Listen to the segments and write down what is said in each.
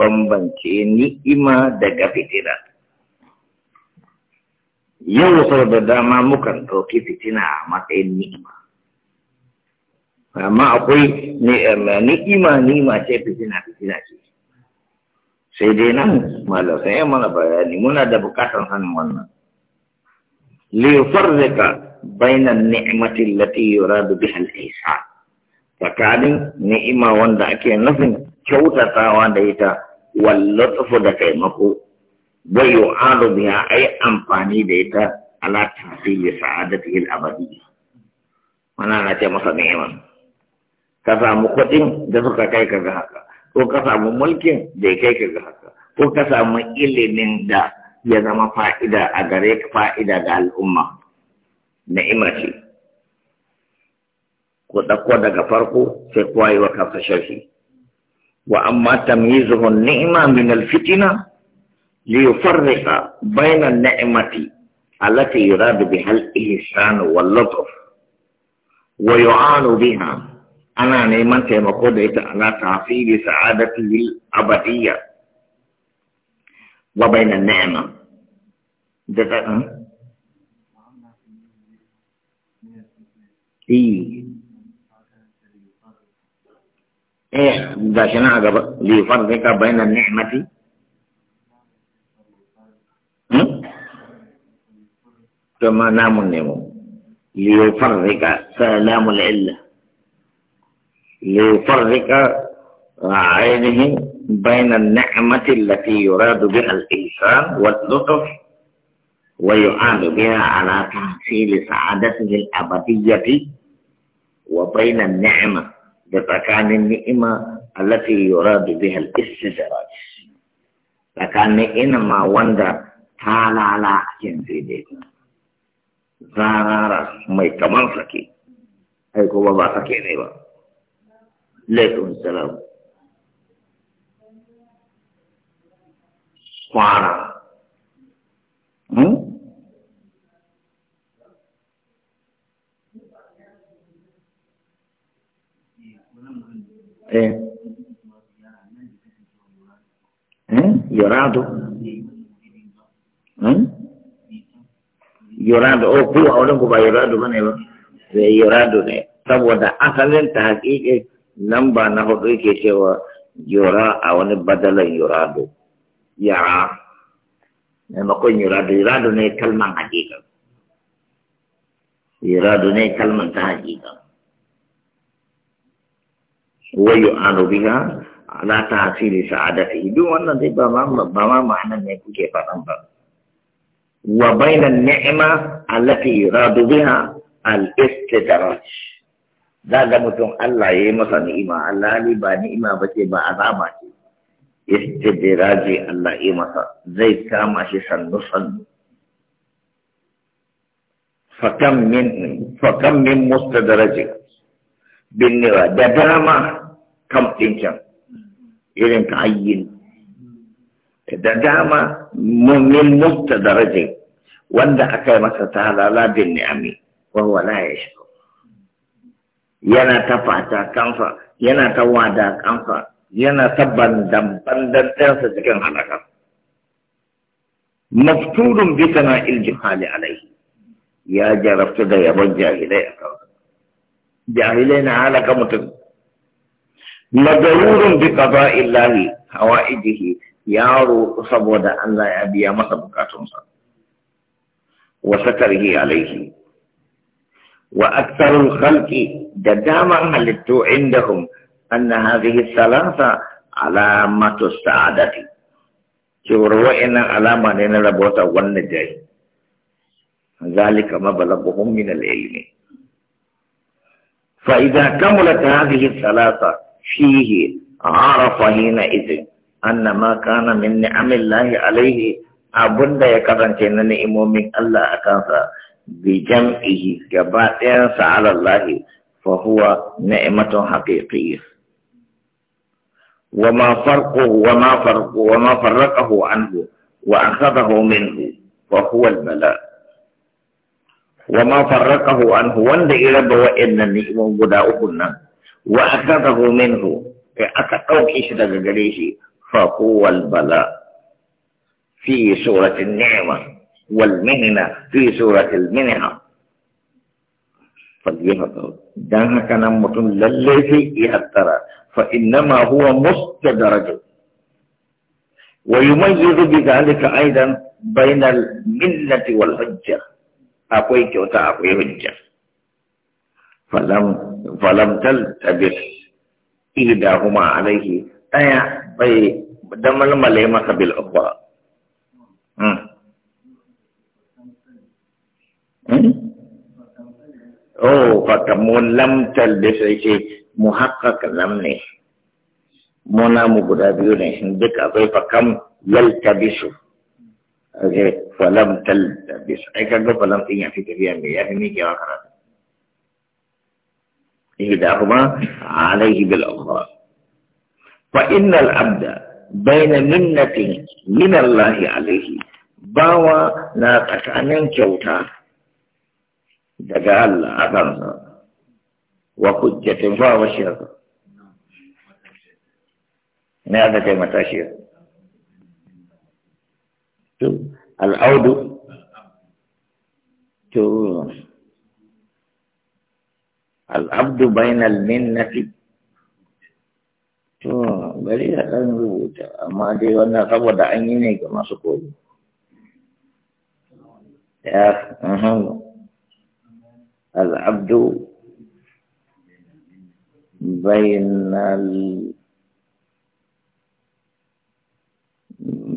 bambance ni'ima daga fitina yau sau da dama mukan ɗauki fitina a matsayin ni'ima amma akwai ni'ima ni'ima ce fitina fitina ce sai dai nan malasai ya mana bayani muna da bukatar sanin wannan lifarrika bainan ni'imati allati yuradu biha al-ihsan tsakanin ni'ima wanda ake nufin kyautatawa da ita واللطف دقيمه ويعاد amfani da ita, ala على تحصيل سعادته الأبدية mana na ce masa neman ka samu kudin da suka kai ka ga haka ko ka samu mulkin da ya kai ka ga haka ko ka samu ilimin da ya zama fa'ida a gare ka fa'ida ga al'umma ni'ima ce ku ɗauko daga farko sai kowa yi wa kansa sharhi وأما تمييزه النعمة من الفتنة ليفرق بين النعمة التي يراد بها الإحسان واللطف ويعان بها أنا نعمة تيمقود على تعصيب سعادته الأبدية وبين النعمة ده إيه ايه ده شنو عجب ليفرقك بين النعمة ثم نام النمو ليفرق سلام العلة ليفرق عينه بين النعمة التي يراد بها الإنسان واللطف ويعاد بها على تحصيل سعادته الأبدية وبين النعمة da tsakanin ni'ima allati yuradu biha al-istidraj tsakanin inama wanda ta lala a cikin daidaita zarara mai kamar sake ai kuma ba sake ne ba laikun salam kwara eh yuradu yuradu o ne saboda asalin ta haƙiƙe lamba na hudu yake cewa yura a wani badalan yuradu yara maimakon yuradu yuradu ne kalman hakika. yuradu ne kalman ta hakika. ويعان بها على تحصيل سعادته دو wannan dai ba ma ba ma ma'ana ne kuke faɗan ba wa bayna ni'ma allati yuradu biha al-istidraj daga mutum Allah yayi masa ni'ima Allah ne ba ni'ima bace ba azaba ce istidraji Allah yayi masa zai kama shi sannu sannu fakam min fakam min mustadraj bin da dama kam ɗin irin ka hayyin da dama min mutta daraje wanda aka yi masa ta halala bin ni'ami wa wala ya shi yana ta fata kansa yana ta wada kansa yana ta bandan bandan ɗansa cikin halaka mafturun bi sana iljihali alaihi ya jarabta da yabon jahilai a kansa jahilai na halaka mutum magarurun bi qada illahi hawa ya yaro saboda Allah ya biya masa bukatunsa wa satarhi alaihi wa aktharul khalqi da damar halittu indahum anna hadhihi thalatha alamatu sa'adati cewar wa'annan alama ne na rabota wannan jari zalika mabalaghum min al-ilmi fa idza kamalat hadhihi salasa. فيه عرف حينئذ أن ما كان من نعم Lahi عليه abunda ya kasance na ni'imomin Allah a kansa bi jam'ihi gaba ɗayansa ala Lahi, fa huwa ni'matun haqiqiyya wa ma farko wa ma farqu wa ma farraqahu anhu wa akhadahu minhu fa huwa al-bala wa ma farraqahu anhu wanda ya raba wa'annan ni'imomin guda uku nan وأخذه منه أتقوك إشدق قريشي فهو البلاء في سورة النعمة والمهنة في سورة المنحة فليهتر دان كان متن للذي يهتر فإنما هو مستدرج ويميز بذلك أيضا بين الملة والحجة أقوي كوتا أقوي حجة falam taltabis ihdahuma alaihi ɗaya bai damalmale masa bil ukhra hmm. hmm? Oh, fakamu lam talbis yake muhakkak lam ne. Muna mu guda biyu ne, duk akwai fakam yaltabisu. Ake falam talbis, ai kaga falam ɗin ya fi tafiya mai ya fi miƙewa karatu. ihdahuma alayhi bil ukhra fa innal abda baina minnatin min Allah alayhi bawa na tsakanin kyauta daga Allah a kansa wa hujjatin ba wa shi haka na yadda kai matashiya to al'audu to العبد بين المنة to bari a ɗan rubuta amma dai wannan saboda an yi ne ga masu koyi ya al'abdu bainal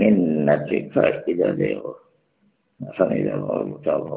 minnati fa'ida da yawa na san idan rubuta ba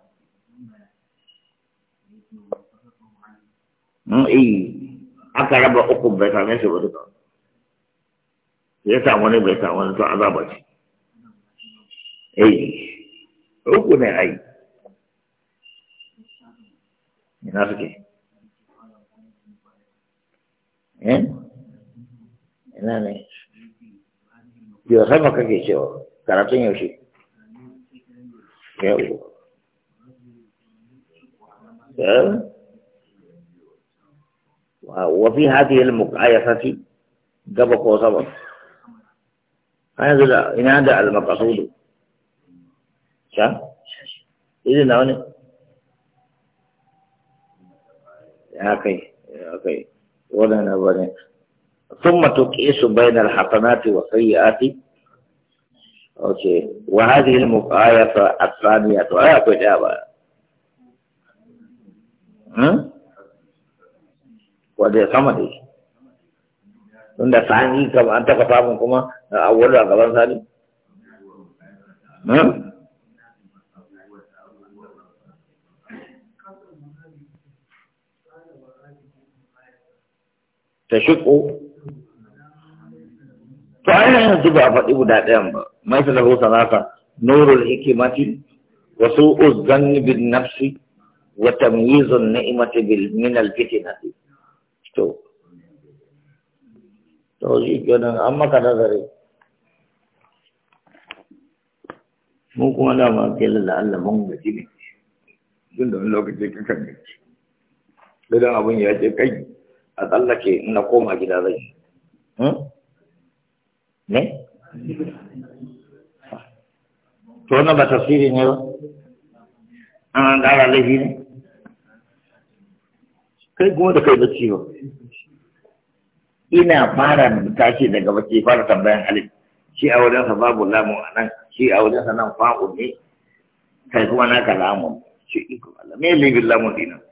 Hmm, aka raba uku bai same shi ba duka ya samu ne bai samu ne to azaba ce eh uku ne ai ina suke eh أه؟ وفي هذه المقايسة قبق وصبر هذا إن هذا المقصود شا إذا هنا أوكي أوكي ولا نبني ثم تقيس بين الحسنات والسيئات أوكي وهذه المقايسة الثانية أكو آية جابها wadda hmm? sama da shi tun da sani kama an taka samun kuma a wadda a gaban sani hmm? ta shiko to a yanzu ba a faɗi guda ɗayan ba mai sa lahu sanata nurul hikimati wasu uzgan bin nafsi wa tamyizun ni'mati bil min al fitnati to to shi kenan amma ka nazari mu kuma da ma ke lalla Allah mun gaji ne tun da wani lokaci kakan gaji idan abun ya ce kai a tsallake na koma gida zai ne? to na ba tafsiri ne ba an an laifi ne sai kuma da kai bacci ba ina fara tashi daga bacci fara tambayan halin. shi a sa babu lamu a nan shi a sa nan fa'u ne kai kuma naka lamu shi iko Allah me libin lamu dinan